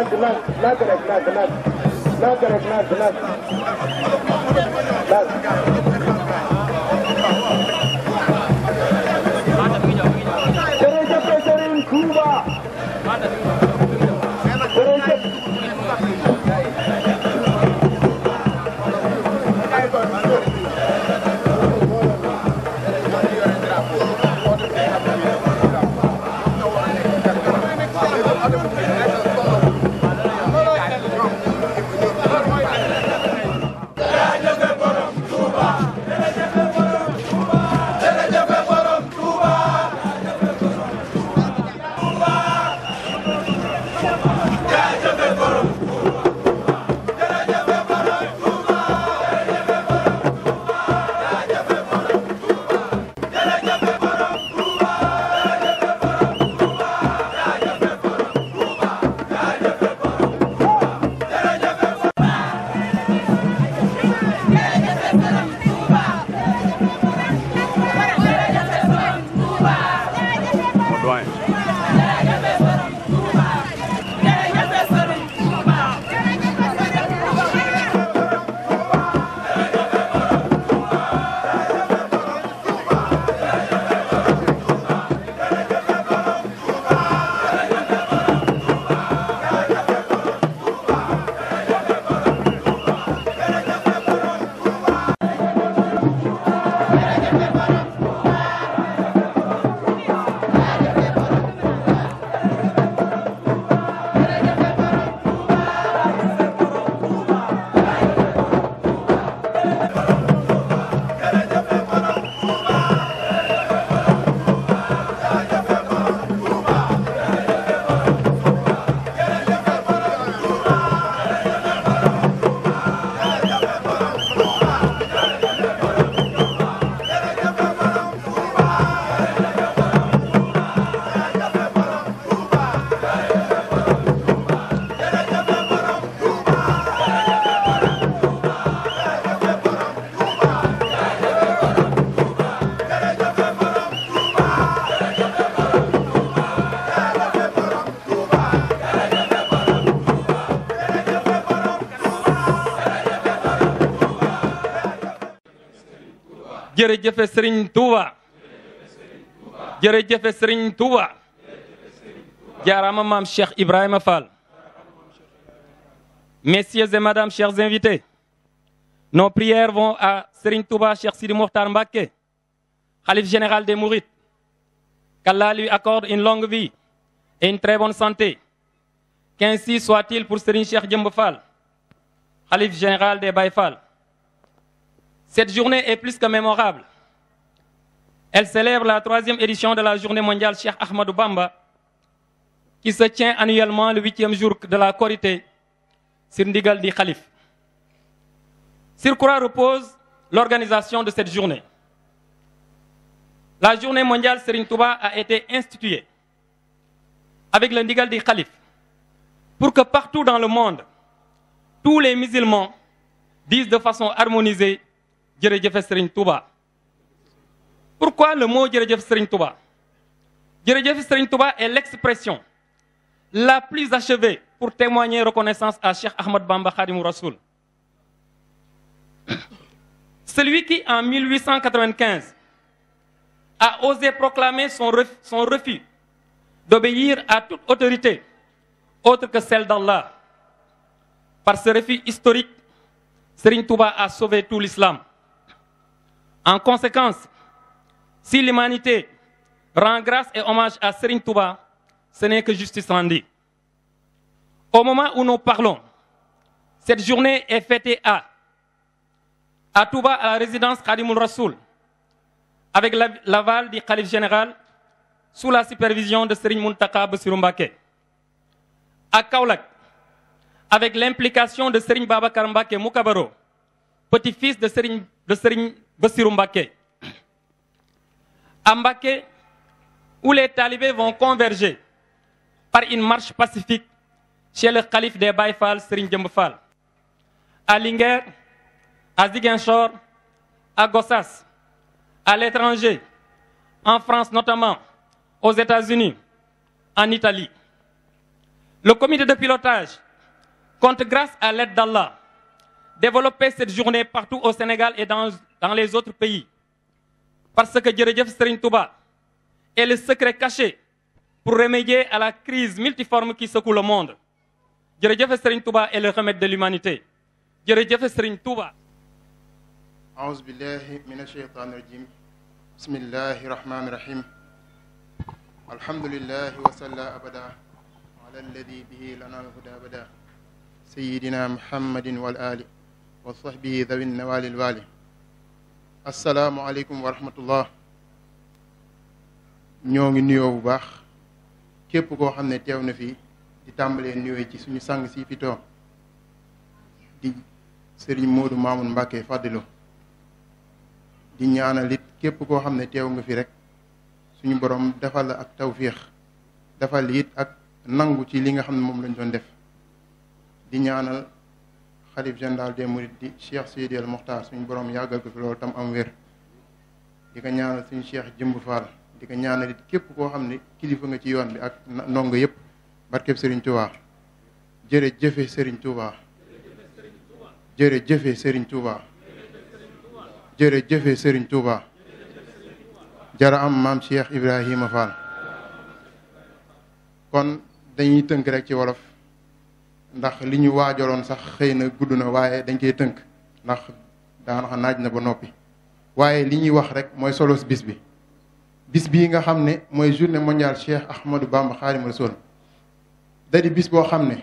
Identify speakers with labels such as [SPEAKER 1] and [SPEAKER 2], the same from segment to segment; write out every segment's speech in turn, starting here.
[SPEAKER 1] nag nag nag nag
[SPEAKER 2] nag nag nag nag
[SPEAKER 1] jërëjëfe sëriñ Touba jërëjëfe sëriñ Touba jaaraama maam Cheikh Ibrahima Fall messieurs et madame chers invités nos prières vont à sëriñ Touba Cheikh Sidi Mokhtar Mbacké khalife général des Mourides qu'Allah lui accorde une longue vie et une très bonne santé qu'ainsi soit-il pour sëriñ Cheikh Jëmb Fall khalife général des Baye Fall Cette journée est plus que mémorable. Elle célèbre la troisième édition de la journée mondiale Cheikh Ahmadou Bamba, qui se tient annuellement le huitième jour de la Korité sur ndigal di Khalif. Sur quoi repose l'organisation de cette journée? La journée mondiale Serigne Touba a été instituée avec le ndigal di Khalif pour que partout dans le monde tous les musulmans disent de façon harmonisée jërëjëfe sëriñ Touba pourquoi le mot jërëjëf sëriñ Touba jërëjëf sëriñ Touba est l'expression la plus achevée pour témoigner reconnaissance à Cheikh Ahmad Bamba Khadimou Rassoul celui qui en 1895 a osé proclamer son refus, son refus d'obéir à toute autorité autre que celle d'Allah par ce refus historique Serigne Touba a sauvé tout l'islam En conséquence, si l'humanité rend grâce et hommage à Serigne Touba, ce n'est que justice rendue. Au moment où nous parlons, cette journée est fêtée à à Touba à la résidence Khadimoul Rassoul avec l'aval du Khalife général sous la supervision de Serigne Mountakha Bassirou Mbacké. À Kaolack avec l'implication de Serigne Babacar Mbacké Moukabaro, petit-fils de Serigne Bassirou Mbacké. À Mbacké, où les talibés vont converger par une marche pacifique chez le calife des Baye Fall, Serigne Dieumb Fall. À Linguère, à Ziguinchor, à Gossas, à l'étranger, en France notamment, aux États-Unis, en Italie. Le comité de pilotage compte, grâce à l'aide d'Allah, développer cette journée partout au Sénégal et dans dans les autres pays. Parce que Djeredjef Serin Touba est le secret caché pour remédier à la crise multiforme qui secoue le monde. Djeredjef Serin Touba est le remède de l'humanité. Djeredjef Serin Touba.
[SPEAKER 3] أعوذ بالله من الشيطان الرجيم بسم الله الرحمن الرحيم الحمد لله وصلى أبدا على الذي به لنا الهدى أبدا سيدنا محمد والآل وصحبه ذوي النوال الوالي asalaamualeykum wa rahmatullah ñoo ngi nuyoo bu baax képp koo xam ne teew na fi di tàmbalee nuyoo ci suñu sang si fi toog di sëriñ Modou Mamoun Mbacke Fadilou di ñaanal it képp koo xam ne teew nga fi rek suñu boroom defal ak tawfiix defal it ak nangu ci li nga xam ne moom lañ doon def di ñaanal. xalif général des mourides di cheikh Sidi El Mokhtar suñu borom yàggal ko fi loolu tam am wér di ñaanal suñu cheikh Jëmb Fall di ko képp koo xam ne kilifa nga ci yoon bi ak ndongo yëpp barkeb Serigne Touba jëre jëfe sëriñ Touba jëre jëfe sëriñ Touba jërë jëfe Serigne Touba jara am maam cheikh Ibrahima Fall kon dañuy tënk rek ci wolof ndax li ñu waajaloon sax xëy na gudd na waaye dañ koy tënk ndax daanaka naaj na ba noppi waaye li ñuy wax rek mooy solo bis bi bis bii nga xam ne mooy journée mondiale Cheikh Ahmadou Bamba Khadimu Rasul da di bis boo xam ne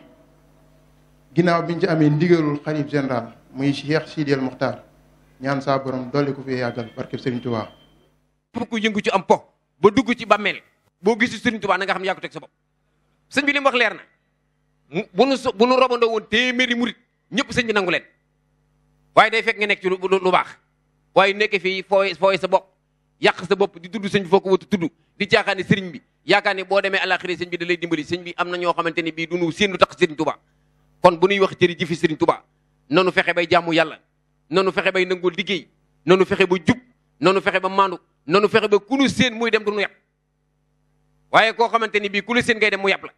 [SPEAKER 3] ginnaaw biñ ci amee ndigalul xalif général muy Cheikh Sidi El Mokhtar ñaan saa borom dolli ko fi yàggal barkeb Serigne Touba.
[SPEAKER 4] pour ko yëngu ci am po ba dugg ci bàmmeel boo gis Serigne Touba na nga xam ne teg sa bopp sëñ bi li leer na. bu nu so bu nu robandoo woon téeméeri murit ñëpp sëñ bi nangu leen waaye day fekk nga nekk ci lu baax waaye nekk fii fooy fooy sa bopp yàq sa bopp di tudd sëñ bi foo ko wut tudd di caaxaane sëriñ bi yaakaar ne boo demee àlaxira sëñ bi da lay dimbali sëñ bi am na ñoo xamante ni bii du nu seen lu tax sëriñ tubaa kon bu nuy wax jëri jëfi sëriñ tubaa nanu fexe bay jaamu yàlla nanu fexe bay nangoo liggéey nanu fexe ba jub nanu fexe ba maandu nanu fexe ba kunu seen muy dem du nu yàpp waaye koo xamante ni bii kunu seen ngay dem mu yàpp la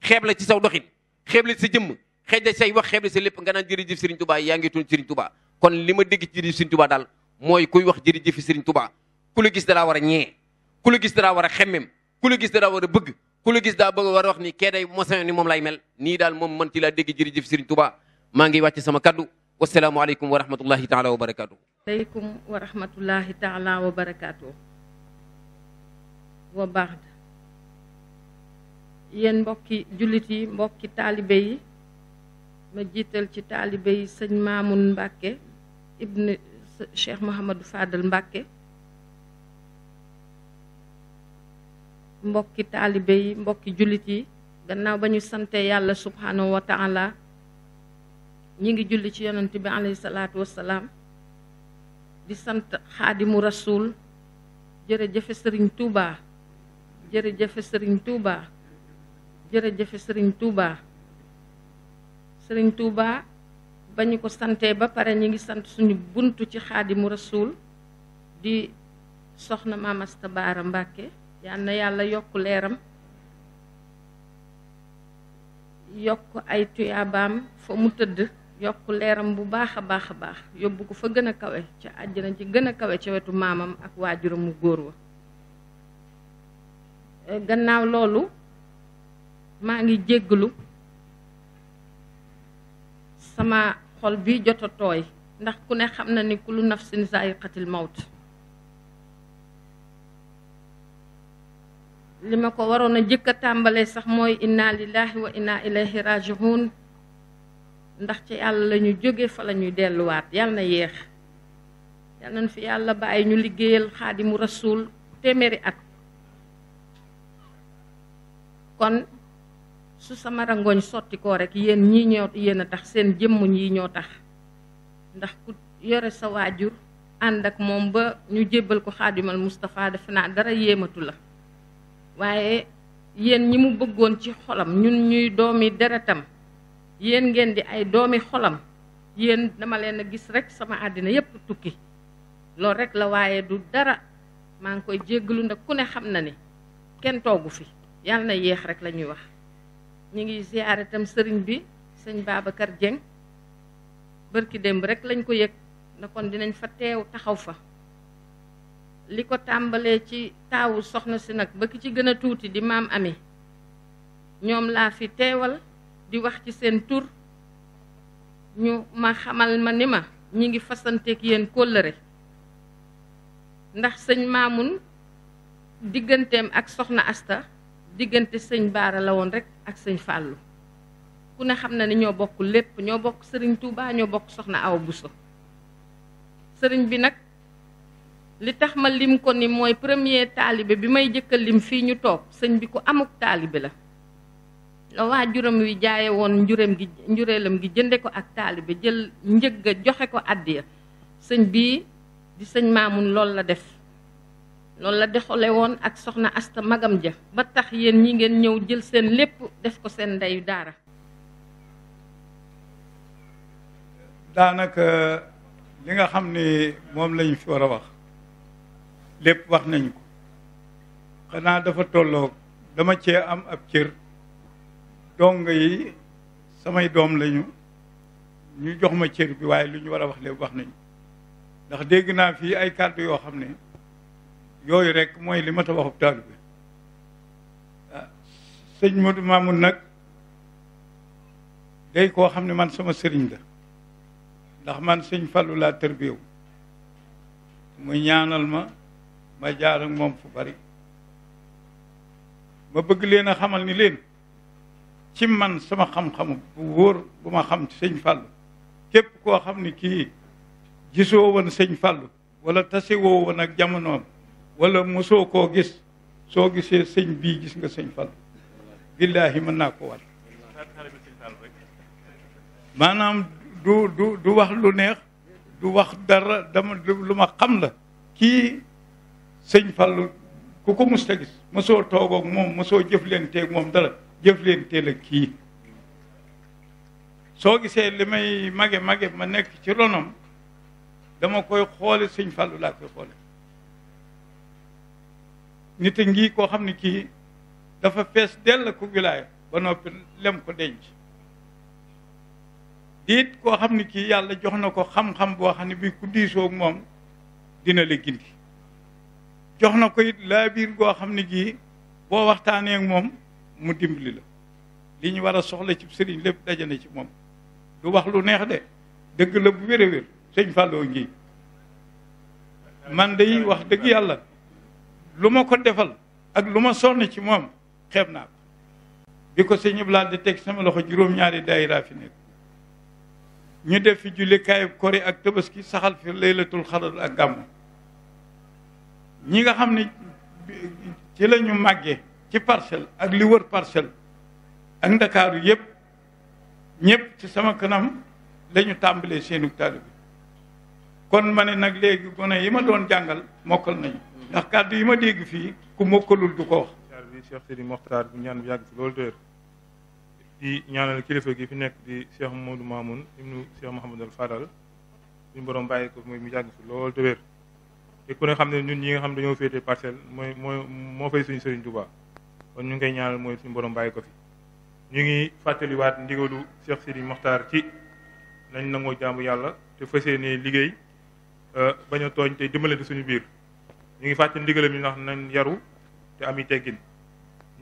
[SPEAKER 4] xeeb la ci saw doxin xeebli sa jëmm xeej say wax xeebli sa lépp nga naan jërëjëf Serigne Touba yaa ngi tudd Serigne Touba kon li ma dégg ci jërëjëf Serigne Touba daal mooy kuy wax jërëjëfi Serigne Touba ku la gis dalaa war a ñee ku la gis dalaa war a xemmem ku la gis dalaa war a bëgg ku la gis daa bëgg war a wax ni kee day mosin ni moom lay mel nii daal moom man ci laa dégg jërëjëf Serigne Touba maa ngi wàcc sama kaddu wasalaamualeykum wa rahmatullahi taala wa barakaatu.
[SPEAKER 5] aleykum wa rahmatullahi taala wa barakaatu. wa baax yéen mbokki jullit yi mbokki taalibe yi ma jiital ci taalibe yi sëñ Maamun Mbàkke ibn Cheikh Mouhamadou Fadal Mbàkke mbokki taalibe yi mbokki jullit yi gannaaw ba ñu santee yàlla subhanahu wa ñi ngi julli ci yonent bi alayhi salaatu wassalaam di sant xaadimu rasuul jërëjëfe sëriñ Touba jërëjëfe sëriñ Touba jërëjëfe sëriñ Touba sëriñ Touba ba ñu ko santee ba pare ñu ngi sant suñu buntu ci xaadi xaadimu rasuul di soxna Maam Asta Baara Mbàkke yal yàlla yokk leeram yokk ay tuyaabaam fa mu tëdd yokk leeram bu baax a baax a baax yóbbu ko fa gën a kawe ca àjjana ci gën a kawe ca wetu maamam ak waajuram mu góor wa gannaaw loolu maa ngi jégglu sama xol bi jot tooy ndax ku ne xam na ni kullu nafsin zaa'iqatil mawt li ma ko waroon a jëkk a tàmbalee sax mooy inna lillahi wa inna ilayhi raji'un ndax ci yàlla la jóge fa la ñuy delluwaat yàlla na yéex yàlla na fi yàlla bàyyi ñu liggéeyal xaadimu rasuul téeméeri at kon su sama rangoñ sottikoo koo rek yéen ñii ñoo yéen a tax seen jëmm ñii ñoo tax ndax ku yore sa waajur ànd ak moom ba ñu jébbal ko xaadimal Moustapha defe naa dara yéematu la waaye yéen ñi mu bëggoon ci xolam ñun ñuy doomi deretam yéen ngeen di ay doomi xolam yéen dama leen a gis rek sama àddina yépp tukki loolu rek la waaye du dara maa ngi koy jéggalu ndax ku ne xam na ni kenn toggu fi yàlla na yéex rek lañuy wax ñu ngi ziyaare itam sëriñ bi sëñ Babacar Dieng bërki démb rek lañ ko yëg na kon dinañ fa teew taxaw fa li ko tàmbalee ci taawu soxna si nag ba ki ci gën a tuuti di maam ami ñoom laa fi teewal di wax ci seen tur ñu ma xamal ma ni ma ñi ngi fasanteeg yéen kóllëre ndax sëñ maamun digganteem ak soxna asta diggante sëñ Baara la woon rek ak sëñ Fàllu ku ne xam na ni ñoo bokk lépp ñoo bokk sëriñ Touba ñoo bokk soxna aw buso sëriñ bi nag li tax ma lim ko ni mooy premier taalibe bi may jëkka lim fii ñu toog sëñ bi ku amuk taalibe la waa waajuram wi jaaye woon njureem gi njureelam gi jënde ko ak taalibe jël njëg ga joxe ko àddiya sëñ bii di sëñ Maamun loolu la def loolu la doxale woon ak soxna asta magam ja ba tax yéen ñi ngeen ñëw jël seen lépp def ko seen ndeyu daara
[SPEAKER 2] daanaka li nga xam ne moom lañ fi war a wax lépp wax nañ ko xanaa dafa tollook dama cee am ab cër dong yi samay doom lañu ñu jox ma cër bi waaye lu ñu war a wax lépp wax nañ ndax dégg naa fii ay kàddu yoo xam ne yooyu rek mooy li ma ta taalu bi ah sëñ Modou Mamoun nag day koo xam ne man sama sëriñ la ndax man sëñ Fallou laa tërbiyew mu ñaanal ma ma jaar moom fu bari ma bëgg leen a xamal ni leen ci man sama xam-xamu bu wóor bu ma xam ci sëñ Fallou képp koo xam ni kii gisoo woon sëñ Fallou wala tase woo woon ak jamonoom wala mosoo koo gis soo gisee sëñ bii gis nga sëñ Fallu billaahi mën naa ko war maanaam du du du wax lu neex du wax dara dama lu ma xam la kii sëñ Fallu ku ko musta gis mosoo toogook moom mosoo jëflanteeg moom dara jëflante la kii soo gisee li may mage mage ma nekk ci ronam dama koy xoole sëñ Fallu laa koy xoole nit a ngi koo xam ne kii dafa fees dell ku wilaaya ba noppi lem ko denc diit koo xam ne kii yàlla jox na ko xam-xam boo xam ne bi ku diisoo moom dina la gindi jox na ko it laa biir goo xam ne gii boo waxtaanee moom mu dimbali la li ñu war a soxla ci sëriñ lépp daje na ci moom du wax lu neex de dëgg la bu wér a wér sëñ Fallou ngi man day wax dëgg yàlla lu ma ko defal ak lu ma sonn ci moom xem naa ko bi ko sëñ Ablaye di teg sama loxo juróom-ñaari daayira fi nekk ñu def fi julli kaayub kori ak tabaski saxal fi laylatul xadar ak gàmmu ñi nga xam ne ci la ñu màggee ci parcelle ak li wër parcelle ak ndakaaru yëpp ñëpp ci sama kanam la ñu tàmbalee seenu taalibe bi kon ma ne nag léegi gone yi ma doon jàngal mokkal nañu ndax kàddu yi ma dégg fii
[SPEAKER 6] ku mokkalul du ko wax. jaar bi ñaan yàgg si loolu dër di ñaanal kilifa gi fi nekk di Cheikh Modou Mamoun ibnu Cheikh Mouhamadul Fadal suñu borom bàyyi ko mooy mu yàgg si loolu dër te ku ne xam ne ñun ñi nga xam dañoo féetee parcelle mooy mooy moo fay suñu Serigne Touba kon ñu ngi koy ñaanal mooy suñu borom bàyyi ko fi. ñu ngi fàttaliwaat ndigalu Cheikh Sidi Mokhtar ci nañ nangoo jaamu yàlla te fas yéenee liggéey euh, bañ tooñ te dimbalante suñu biir. ñu ngi fàttali ndigalam yi ndax nañ yaru te am yi teggin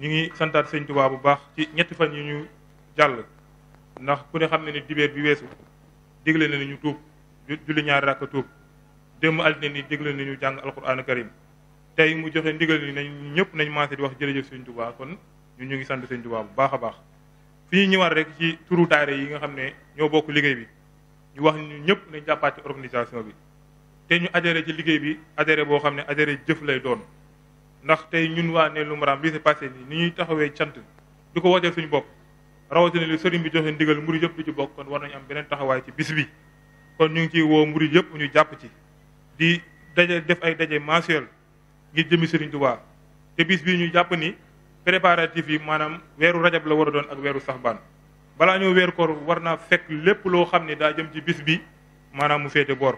[SPEAKER 6] ñu ngi santaat sëñ tubaa bu baax ci ñetti fan yi ñu jàll ndax ku ne xam ne ni dibeer bi weesu digle na ñu tuub julli ñaari rakk tuub démb altine ni digle na ñu jàng alquran karim tey mu joxe ndigal ni nañ ñëpp nañ maase di wax jërëjëf sëñ Tuubaa kon ñu ñu ngi sant sëñ Tuubaa bu baax a baax fi ñu war rek ci turu daayira yi nga xam ne ñoo bokk liggéey bi ñu wax ñu ñëpp nañ jàppaat ci organisation bi te ñu adhéré ci liggéey bi adhéré boo xam ne adhéré jëf lay doon ndax te ñun waa ne lu maraam lii si passé ni ñuy taxawee cant du ko wooteel suñu bopp rawatina li sëriñ bi joxe ndigal murid yëpp lu ci bokk kon war nañu am beneen taxawaay ci bis bi kon ñu ngi ciy woo murid yëpp ñu jàpp ci di daje def ay daje mensuel ngir jëmi sëriñ Tuubaa te bis bii ñu jàpp ni préparatif yi maanaam weeru rajab la war a doon ak weeru saxbaan balaa ñoo weer koor war naa fekk lépp loo xam ne daa jëm ci bis bi maanaam mu féete boor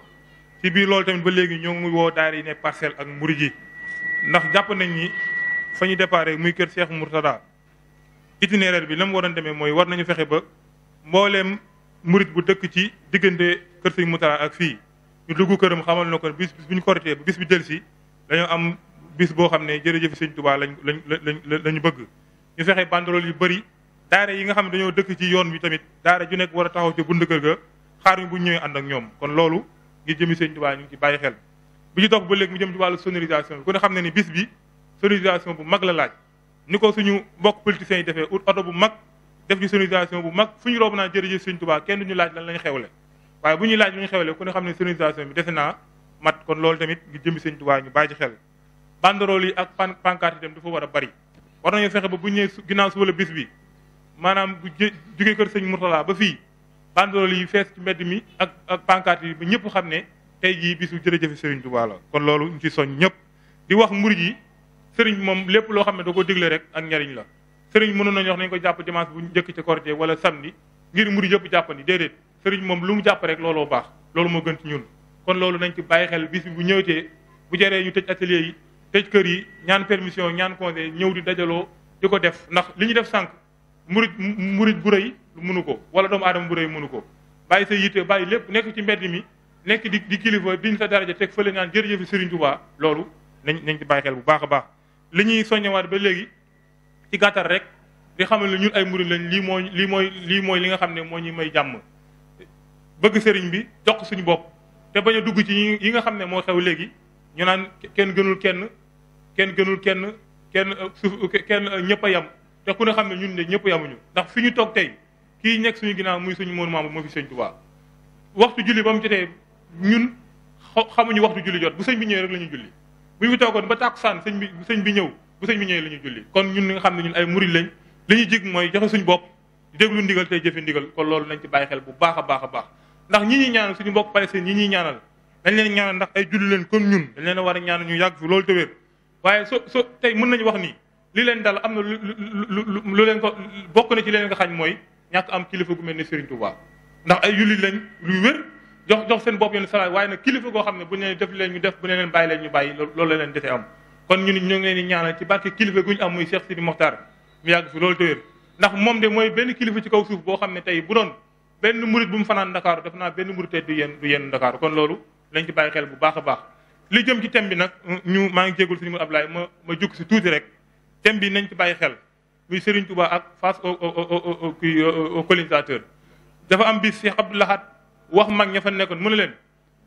[SPEAKER 6] ci biir loolu tamit ba léegi ñoo ngi woo daara yi ne parcelle ak murid yi ndax jàpp nañ ni fa ñu déparé muy kër Cheikh Mourtada itinéraire bi la mu waroon demee mooy war nañu fexe ba mbooleem murid bu dëkk ci diggante kër Sëñ Mourtada ak fii ñu dugg këram xamal na ko bis bis bu ñu korité ba bis bi del si dañoo am bis boo xam ne jërëjëf Sëñ Tuubaa lañ lañ lañ lañu bëgg ñu fexe banderole yu bëri daara yi nga xam ne dañoo dëkk ci yoon bi tamit daara ju nekk war a taxaw ci bund kër ga xaar ñu ànd ak ñoom kon loolu ngir jëmi sëñ Tuubaa ñu ngi bàyyi xel bi ci topp ba léegi mu jëm ci wàllu sonorisation bi ku ne xam ne ni bis bi sonorisation bu mag la laaj ni ko suñu mbokk politiciens yi defee oto bu mag def ci sonorisation bu mag fu ñu roob naa jërëjëf sëñ Tuubaa kenn duñu laaj lan lañ xewle waaye bu ñuy laaj lu ñu xewle ku ne xam ne sonorisation bi defe naa mat kon loolu tamit ngir jëmi sëñ Tuubaa ñu bàyyi ci xel banderole yi ak pancarte dem dafa war a ba bu ñu nee ginnaaw suba bi maanaam bu jugee kër sëñ banderole yi fees ci mbedd mi ak ak pancarte yi ba ñëpp xam ne tey jii bisu jërëjëfe Serigne Touba la kon loolu ñu ci soñ ñëpp di wax murid yi sëriñ moom lépp loo xam ne da ko digle rek ak njariñ la sëriñ mënoon nañu wax nañ ko jàpp dimanche bu njëkk ci Korité wala samedi ngir murid yëpp jàppandi déedéet sëriñ moom lu mu jàpp rek looloo baax loolu moo gën ci ñun kon loolu nañ ci bàyyi xel bis bu ñëwtee bu jaree ñu tëj atelier yi tëj kër yi ñaan permission ñaan conseil ñëw di dajaloo di ko def ndax li ñu def sànq murid murid bu rëy mënu ko wala doomu aadama bu rëy mënu ko bàyyi sa yitte bàyyi lépp nekk ci mbedd mi nekk di di kilifa diñ sa daraja teg fële naan jërëjëf Serigne Touba loolu nañ nañ ci bàyyi xel bu baax a baax li ñuy soññewaat ba léegi ci gàttal rek di xamal ni ñun ay murid lañ lii mooy lii mooy lii mooy li nga xam ne moo ñuy may jàmm bëgg sëriñ bi jox suñu bopp te bañ a dugg ci yi nga xam ne moo xew léegi ñu naan kenn gënul kenn kenn gënul kenn kenn suuf kenn ñëpp yem te ku ne xam ne ñun de ñëpp yamuñu ndax fi ñu toog tey kii nekk suñu ginnaaw muy suñu moonu membre moo fi sëñ Tuubaa waxtu julli ba mu jotee ñun xamuñu waxtu julli jot bu sëñ bi ñëwee rek la ñuy julli bu ñu fi toogoon ba tàkkusaan sëñ bi bu sëñ bi ñëw bu sëñ bi ñëwee la ñuy julli kon ñun li nga xam ne ñun ay murid lañ li ñuy jig mooy joxe suñu bopp déglu ndigal tey jëfe ndigal kon loolu nañ ci bàyyi xel bu baax a baax a baax ndax ñi ñuy ñaanal suñu mbokk palestine ñi ñuy ñaanal dañ leen ñaanal ndax ay julli leen comme ñun dañ leen war a ñaanal ñu yàgg fi loolu te wér waaye so so tey mën nañu wax nii li leen dal am na lu leen ko bokk na ci leen nga xañ mooy ñàkk am kilifa gu mel ni Serigne Touba ndax ay jullit lañ lu wér jox jox seen bopp yéen salaat waaye nag kilifa goo xam ne bu ñu leen def leen ñu def bu ne leen bàyyi leen ñu bàyyi loolu la leen defee am kon ñu ni ñu ngi ci barke kilifa gu ñu am muy Cheikh Sidi Mokhtar mu yàgg moom de mooy benn kilifa ci kaw suuf boo xam ne tey bu doon benn murit bu mu fanaan Dakar def naa benn murit du yéen du yéen Dakar kon loolu lañ ci bàyyi xel bu baax a baax li jëm ci thème bi nag ñu maa ngi jégul suñu Abdoulaye ma ma jukk si tuuti rek thème bi nañ ci bàyyi xel muy Serigne Touba ak fas au kii au colonisateur dafa am bis Cheikh Abdou laxaat wax mag ña fa nekkoon mu ne leen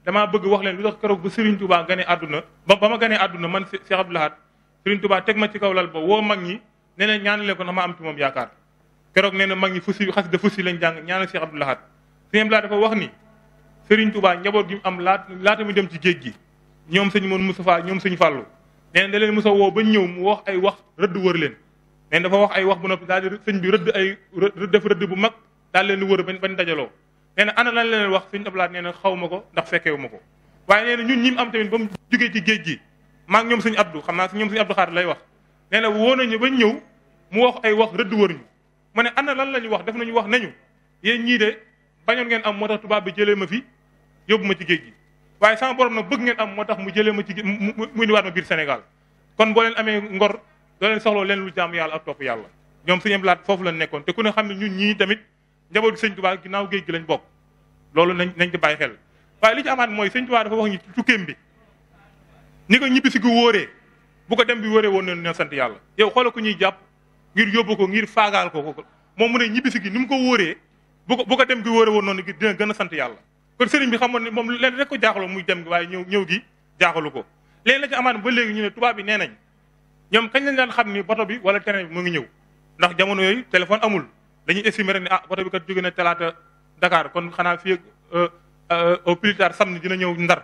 [SPEAKER 6] damaa bëgg wax leen lu tax keroog ba Serigne Touba gane àdduna ba ba ma gane àdduna man Cheikh Abdou Lahad Serigne Touba teg ma ci kaw lal ba woo mag ñi ne leen ñaan leen ko ndax am ci moom yaakaar keroog nee na mag ñi fusi xas de fusi lañ jàng ñaanal Cheikh Abdou Lahad Sëñ Abdou Lahad dafa wax ni Serigne Touba njaboot gi mu am laat laata mu dem ci géej gi ñoom sëñ Moon Moustapha ñoom sëñ Fàllu nee na da leen Moussa ñëw mu wax ay wax rëdd leen nee dafa wax ay wax bu noppi daal di sëñ bi rëdd ay def rëdd bu mag daal leen di wër bañ bañ dajaloo nee na ana lan leen wax sëñ ablaat nee na xaw ma ko ndax fekkewu ma ko waaye nee na ñun ñim am tamit ba mu jógee ci géej gi maak ñoom sëñ abdu xam naa si ñoom sëñ abdu xaar lay wax nee na woo nañu bañ ñëw mu wax ay wax rëdd wër ñu ma ne ana lan la ñu wax def nañu wax nañu yéen ñii de bañoon ngeen am moo tax tubaab bi jëlee ma fi yóbbu ma ci géej gi waaye sama borom nag bëgg ngeen am moo tax mu jëlee ma ci mu indiwaat ma biir Sénégal kon boo leen amee ngor doo leen soxloo leen lu jaamu yàlla ak topp yàlla ñoom sëñ Abdu Lahat foofu lañ nekkoon te ku ne xam ne ñun ñii tamit njabootu sëñ Tuubaa ginnaaw géej gi lañ bokk loolu nañ nañ bàyyi xel waaye li ci amaat mooy sëñ Tuubaa dafa wax ñi ci tukkeem bi ni ko ñibbisi gu wóoree bu ko dem bi wóoree woon nañu sant yàlla yow xoola ku ñuy jàpp ngir yóbbu ko ngir faagaal ko ko moom mu ne ñibbisi gi ni mu ko wóoree bu ko bu dem gi wóoree woon noonu dina gën a sant yàlla kon sëriñ bi xamoon ne moom leen rek ko jaaxaloo muy dem gi waaye ñëw ñëw gi jaaxalu ko léegi la ci amaat ba léegi ñu ne tubaab bi nee ñoom kañ lañ daan xam ni bato bi wala train bi mu ngi ñëw ndax jamono yooyu téléphone amul dañuy estimer rek ni ah bato bi kat jóge na talaata Dakar kon xanaa fii euh, euh, au plus tard samedi dina ñëw Ndar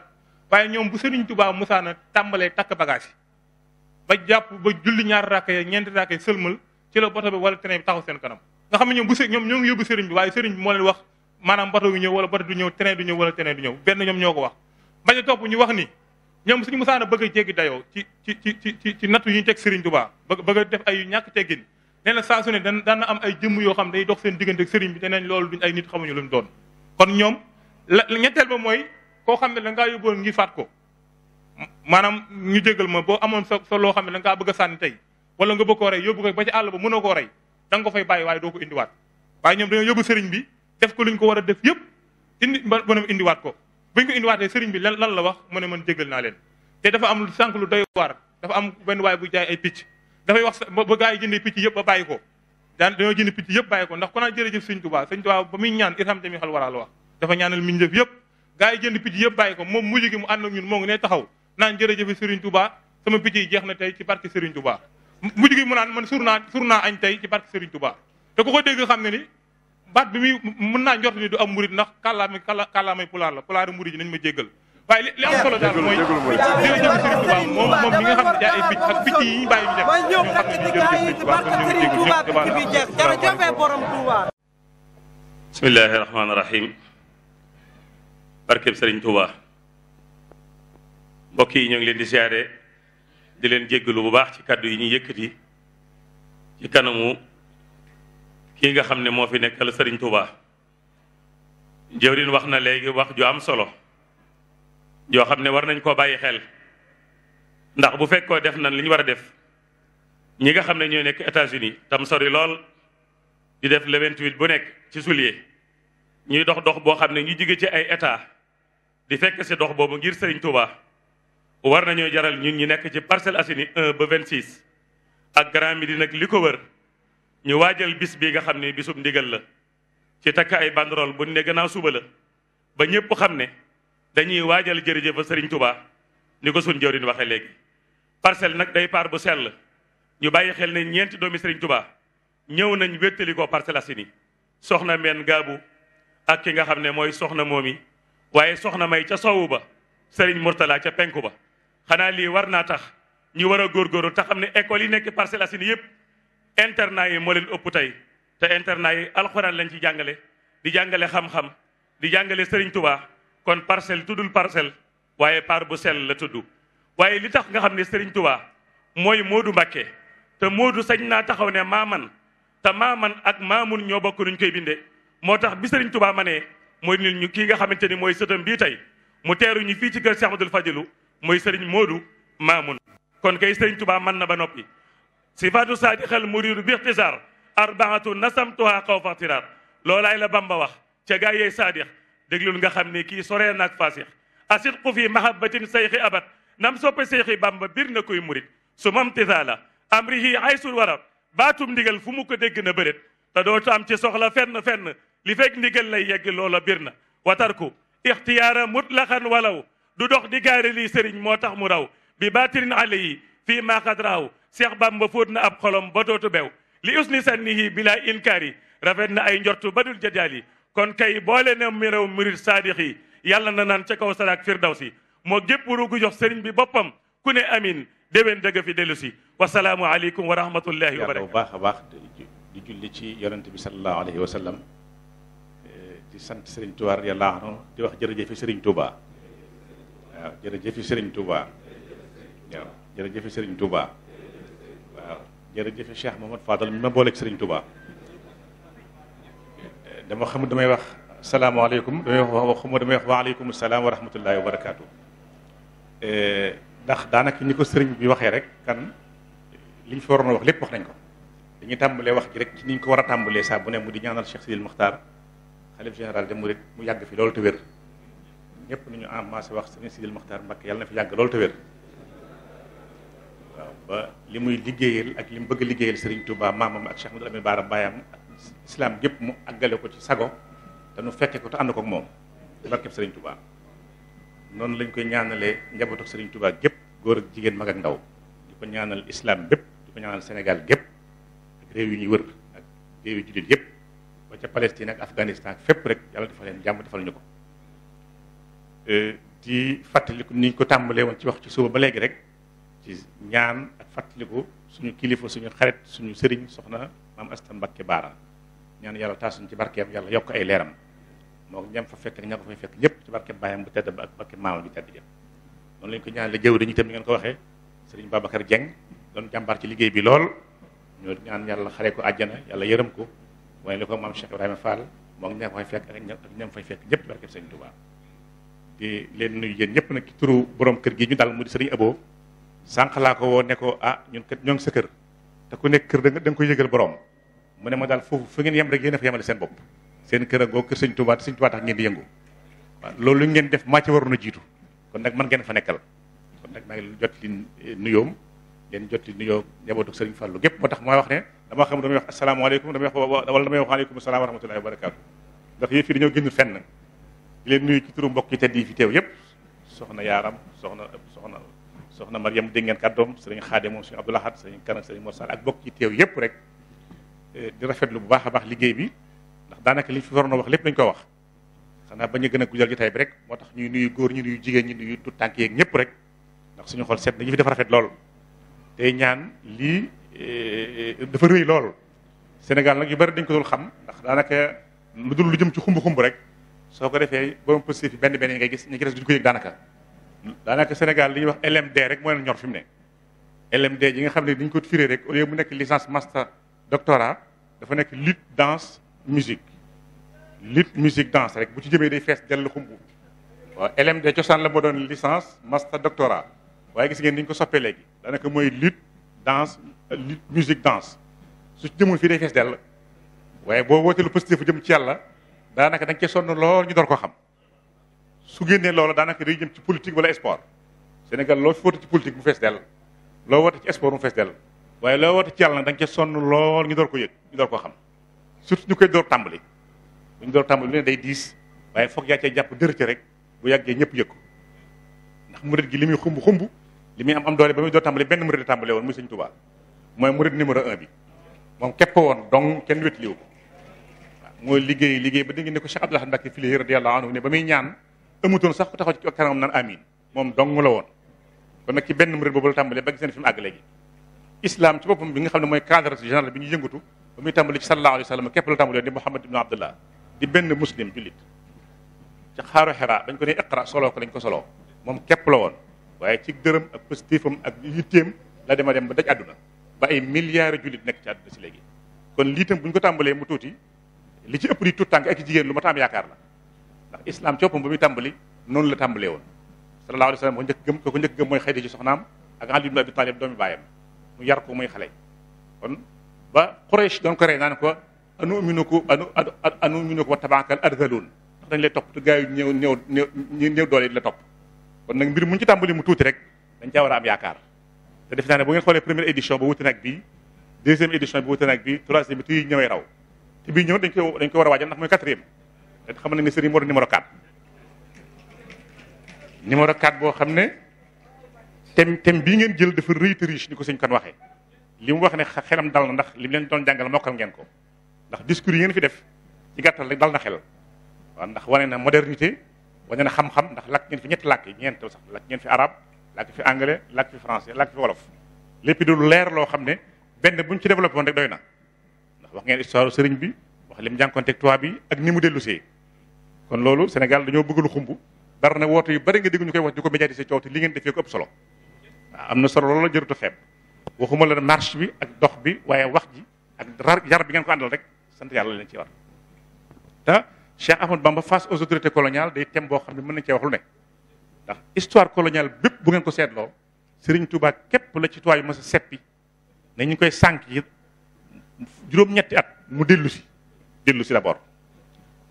[SPEAKER 6] waaye ñoom bu Sëriñ Tuubaa musaana tàmbalee takk bagage yi ba jàpp ba julli ñaar rakk ya ñeenti rakk ya sëlmal ci la bato bi wala train bi taxaw seen kanam nga xam ne ñoom bu ñoo ngi yóbbu sëriñ bi waaye sëriñ bi moo leen wax maanaam bato gi ñëw wala bato du ñëw train ñëw wala train du ñëw benn ñoom ñoo ko wax bañ a ñu wax ni ñoom suñu musaana bëgg a jéggi dayoo ci ci ci ci ci nattu yi ñu teg Serigne Touba bëgg a def ay ñàkk teggin nee saa su ne dan daan am ay jëmm yoo xam day dox seen diggante Serigne bi danañ loolu duñ ay nit xamuñu lu mu doon kon ñoom la ñetteel ba mooy koo xam ne da ngaa yóbboon ngi faat ko maanaam ñu jégal ma boo amoon sa sa loo xam ne da ngaa bëgg a sànni tey wala nga bëgg koo rey yóbbu ko ba ci àll ba mënoo koo rey da nga ko fay bàyyi waaye doo ko indiwaat waaye ñoom bi def ko luñ ko war a def yëpp indi ba indiwaat ko bu ñu ko indiwaatee sëriñ bi lan lan la wax mu ne man jégal naa leen te dafa am sànq lu doy waar dafa am benn bu jaay ay picc dafay wax gaa yi jëndee picc yëpp ba bàyyi ko daan jënd picc yëpp bàyyi ko ndax ku naan jërëjëf sëñ Tuubaa sëñ Tuubaa ba muy ñaan irham jami xal waraa la wax dafa ñaanal min jëf yëpp gaa mu ànd ak ñun moo ngi ne taxaw naan jërëjëf sëriñ Tuubaa sama picc jeex na tey ci barke sëriñ Tuubaa mujj gi mu naan man suur naa añ tey ci barke sëriñ Tuubaa te ku ko dégg xam ne ni baat bi muy mën naa njort ni du am murit ndax kàllaami kàllaamay pulaar la pulaari murit yi nañ ma jéggal waaye li am solo daal mooy jërëjëf Sëriñ Tuubaa moom moom mi nga xam ne jaay ak picc yi ñu bàyyi ñu def ñoo xam ne jërëjëf Sëriñ
[SPEAKER 7] Tuubaa
[SPEAKER 5] ñoom borom Tuubaa
[SPEAKER 7] bismillahi rahmaani rahim barkeb Sëriñ Tuubaa yi ñoo ngi leen di seere di leen jéggalu bu baax ci kàddu yi ñuy yëkkati ci kanamu kii nga xam ne moo fi nekkal sëriñ Touba jëwrin wax na léegi wax ju am solo yoo xam ne war nañ koo bàyyi xel ndax bu fekkoo def na li ñu war a def ñi nga xam ne ñoo nekk États-Unis tam sori lool di def le vingt bu nekk ci soulier ñuy dox dox boo xam ne ñu jóge ci ay état di fekk si dox boobu ngir sëriñ Touba war nañoo jaral ñun ñu nekk ci Parcelles Assainies 1 ba 26 ak Grand Médine nag li ko wër ñu waajal bis bi nga xam ne bisub ndigal la ci takk ay banderole buñ ne ganaaw suba la ba ñëpp xam ne dañuy waajal jërëjëfa sëriñ Touba ni ko suñ jëwriñ waxee léegi parcelle nag day paar bu sell ñu bàyyi xel ne ñeenti doomi sëriñ Touba ñëw nañ wéttali ko Parcelles Assainies soxna meen gaabu ak ki nga xam ne mooy soxna moomi waaye soxna may ca sowu ba sëriñ Mourtala ca penku ba xanaa lii war naa tax ñu war a góor góorgóorlu te xam ne école yi nekk Parcelles Assainies yëpp internat yi moo leen ëpp tey te internat yi alxuraan lañ ci jàngale di jàngale xam-xam di jàngale sëriñ Touba kon parcelle tuddul parcelle waaye par bu sell la tudd waaye li tax nga xam ne Serigne Touba mooy Modou Mbakke te Modou sañ naa taxaw ne maaman te maaman ak maamun ñoo bokk nuñ koy binde moo tax bi sëriñ Touba ma ne mooy nil ñu kii nga xamante ni mooy sëtam bii tey mu teeru ñu fii ci kër Cheikh Abdoul Fadilu mooy Serigne Modou Maamun kon kay Serigne sifatu saadixal muridu bi ixtisaar arbaatu nasamtuha xaw fa tiraar loolaay la bamba wax ca gaa yey saadix déglul nga xam ne kii soree naag a asidqu fi mahabbatin sayxi abat nam soppe sayxi bamba bir na koy murit su mam tisaala amrihi aysul warab baatum ndigal fu mu ko dégg na bërit te dootu am ci soxla fenn fenn li fekk ndigal lay yegg loola bir na watarku ixtiyaara mutlaxan walaw du dox di gaare lii sëriñ moo tax mu raw bi baatirin ale fii maa xadraaw Seex Bamba fóot na ab xolom ba dootu bew li usni sannihi bila inkaari rafet na ay njortu badul jadaal kon kay boole ne mi rew murid saadix yàlla na naan ca kaw salaak firdawsi moo gépp ruugu jox sëriñ bi boppam ku ne amin déwén dëgg fi dellu si wasalaamu aleykum wa rahmatullahi wa barakatu
[SPEAKER 8] baax a baax di julli ci yonent bi salallahu alayhi wa eh, sant sëriñ Tuubaa radiyallaahu di wax jërëjëf sëriñ Tuubaa waaw jërëjëf Serigne Touba waaw jërëjëf Cheikh Mamadou Fadal mi ma booleeg Serigne Touba dama xam damay wax salaamaaleykum damay wax xamu damay wax waaleykum salaam wa rahmatullahi wa barakaatu. Eh, ndax ni ko Serigne bi waxee rek kan liñ fi waroon wax lépp wax nañ ko dañuy tàmbalee wax ji rek ci niñ ko war a tàmbalee saa bu ne mu di ñaanal Cheikh Sidil Mokhtar xalif général de Mouride mu yàgg fi loolu te wér ñëpp nañu en masse wax Serigne Sidil Mokhtar Mbacke yàlla na fi yàgg loolu te wér. ba li muy liggéeyal ak li mu bëgg liggéeyal Serigne Touba maamam ak Cheikh Amadou Lamine Bara baayam islam gépp mu àggale ko ci sago te nu fekke ko te ànd ko ak moom barkeb Serigne Touba noonu lañ koy ñaanalee njabootu Serigne Touba gépp góor ak jigéen mag ak ndaw di ko ñaanal islam bépp di ko ñaanal Sénégal gépp ak réew yu ñuy wër ak réew yu jullit yépp ba ca Palestine ak Afghanistan ak fépp rek yàlla defal leen jàmm defal ñu ko euh, di fàttaliku ni ñu ko tàmbalee woon ci wax ci suba ba léegi rek ci ñaan ak fàttaliku suñu kilifa suñu xarit suñu sëriñ soxna maam Asta Mbakke Baara ñaan yàlla taasuñ ci barkeem yàlla yokk ay leeram moo ñam fa fekk ak ña ko fay fekk ñëpp ci barkeem baayam bu tedd ba ak barkeem maamam bi tedd ja noonu lañ ko ñaan la jëw dañu itam ni ngeen ko waxee sëriñ Babacar bi lool ñu ñaan yàlla xare ko àjjana yàlla yërëm ko waaye li ko maam Cheikh Ibrahima Fall moo ña ko fay fekk ak ñam fay fekk ñëpp ci barkeem sëriñ Touba di leen nuyu yéen ñëpp nag ci turu borom kër gi ñu dal mu di sëriñ Abo sànq laa ko woo ne ko ah ñun kat ñoo ngi sa kër te ku nekk kër da nga koy yëgal borom mu ne ma daal foofu fu ngeen yem rek yéen a fa yemale seen bopp seen kër ak kër sëñ Tuubaa sëñ Tuubaa tax ngeen di yëngu waaw loolu ngeen def maa ci waroon a jiitu kon nag man ngeen fa nekkal kon nag maa ngi jot li eh, nuyoom leen jot li nuyoo njabootu sëriñ fallu gépp moo tax ma wax ne dama xam damay wax asalaamaaleykum damay wax wala damay wax aleykum salaam a rahmatullahi wa barakaatu ndax yëf yi dañoo génn fenn di leen nuyu ci turu mbokk te di fi teew yëpp soxna yaaram soxna soxna soxna Mariam dégg ngeen kàddoom sëriñ Xaade moom sëriñ Abdou Lahad sëriñ Kan sëriñ Mor Sall ak bokk ci teew yépp rek eh, di rafetlu bu baax a baax liggéey bi ndax daanaka li fi waroon a wax lépp lañ ko wax xanaa a gën a gudal jotaay bi rek moo tax ñuy nuyu góor ñi nuyu jigéen ñi nuyu tu tànk yeeg ñëpp rek ndax suñu xol seet dañu fi dafa rafet lool ñaan lii eh, dafa rëy lool Sénégal nag yu bari dañ ko dul xam ndax daanaka lu dul lu jëm ci xumb xumb rek soo ko defee borom positif benn benn yi ngay gis ñi ci des ko yëg daanaka daanaka Sénégal li ñuy wax LMD rek mooy na ñor fi mu ne LMD yi nga xam ne dañ ko fire rek au lieu mu nekk licence master doctorat dafa nekk lutte danse musique lutte musique dance rek bu ci jëmee day fees dell xumbu waaw LMD cosaan la moo doon licence master doctorat waaye gis ngeen ni ñu ko soppee léegi daanaka mooy lutte danse lutte musique danse su ci jëmul fii day fees dell waaye boo wootee lu positif jëm ci yàlla daanaka dañ cee sonn lool ñu door ko xam su génnee loola daanaka day jëm ci politique wala sport Sénégal loo fi woote ci politique mu fees dell loo woote ci sport mu fees dell waaye loo woote ci yàlla nag da nga cee sonn lool ñu door ko yëg ñu door ko xam surtout ñu koy door tàmbali bu ñu door tàmbali lu ne day diis waaye foog yaa e jàpp dër ci rek bu yàggee ñëpp yëg ko ndax murid gi li muy xumb xumb li muy am am doole ba muy door tàmbali benn murid tàmbale woon muy sëñ Tuubaa mooy murid numéro un bi moom képp ko woon donc kenn wétliwu ko waaw mooy liggéey liggéey ba dégg ñaan amutoon sax ku taxaw ci kanamam naan amin moom dong la woon kon nag ci benn murid boobu la tàmbalee ba gis ngeen fi àgg léegi islam ci boppam bi nga xam ne mooy cadre général bi ñu yëngatu ba muy tàmbali ci sallallahu alayhi wa sallam képp la tàmbalee di dañ ko ne iqra ko lañ ko solo moom képp la woon waaye ci dërëm ak positifam ak yitteem la dema dem ba daj àdduna ba ay milliards jullit nekk ci àdduna si léegi kon lii tam bu ko tàmbalee mu tuuti li ci ëpp di tuut tànk ak jigéen lu ma taam yaakaar la ndax islam coppam ba muy tàmbali noonu la tàmbalee woon sallallahu alayhi wa sallam ko njëkk gëm ko ko njëkk gëm mooy xayti ci soxnaam ak Ali ibn Abi Talib doomi bàyyam mu yar ko muy xale kon ba Quraysh doon ko rey naan ko anu minu ko anu anu minu ko wa tabaakal ardaloon ndax dañ lay topp te gars yi ñëw ñëw ñëw ñëw doole di la topp kon nag mbir muñ ci tàmbali mu tuuti rek dañ caa war a am yaakaar te def naa ne bu ngeen xoolee première édition ba wuute nag bii deuxième édition ko dañ a waajal ndax mooy xam na Missirah moo doon numéro 4 numéro 4 boo xam ne thème tem bii ngeen jël dafa rëy te riche ni ko sëñ kan waxee li mu wax ne xelam dal na ndax li mu leen doon jàngal mokkal ngeen ko ndax discours yi ngeen fi def ci gàttal rek dal na xel waaw ndax wane na modernité wane na xam-xam ndax lakk ngeen fi ñetti làkk yi ñeent sax làkk ngeen fi arab làkk fi anglais lakk fi français làkk fi wolof lépp du leer loo xam ne benn buñ ci développé woon rek na ndax wax ngeen histoire sëriñ bi wax lim jànkonteeg tubaab bi ak ni mu dellusee kon loolu Sénégal dañoo bëgg lu xumb bari na woote yu bari nga dégg ñu koy wax di ko médiatiser coow te li ngeen defee ko ëpp solo waaw am na solo loolu la jëruta feeb waxuma la marche bi ak dox bi waaye wax ji ak yar bi ngeen ko àndal rek sant yàlla leen ci war te Cheikh amoon Bamba face aux autorités coloniales day thème boo xam ne mën nañu cee wax lu ne ndax histoire coloniale bépp bu ngeen ko seetloo Serigne Touba képp la ci tuwaay mos a seppi nañu koy sànq yi juróom at mu dellu si dellu si d'abord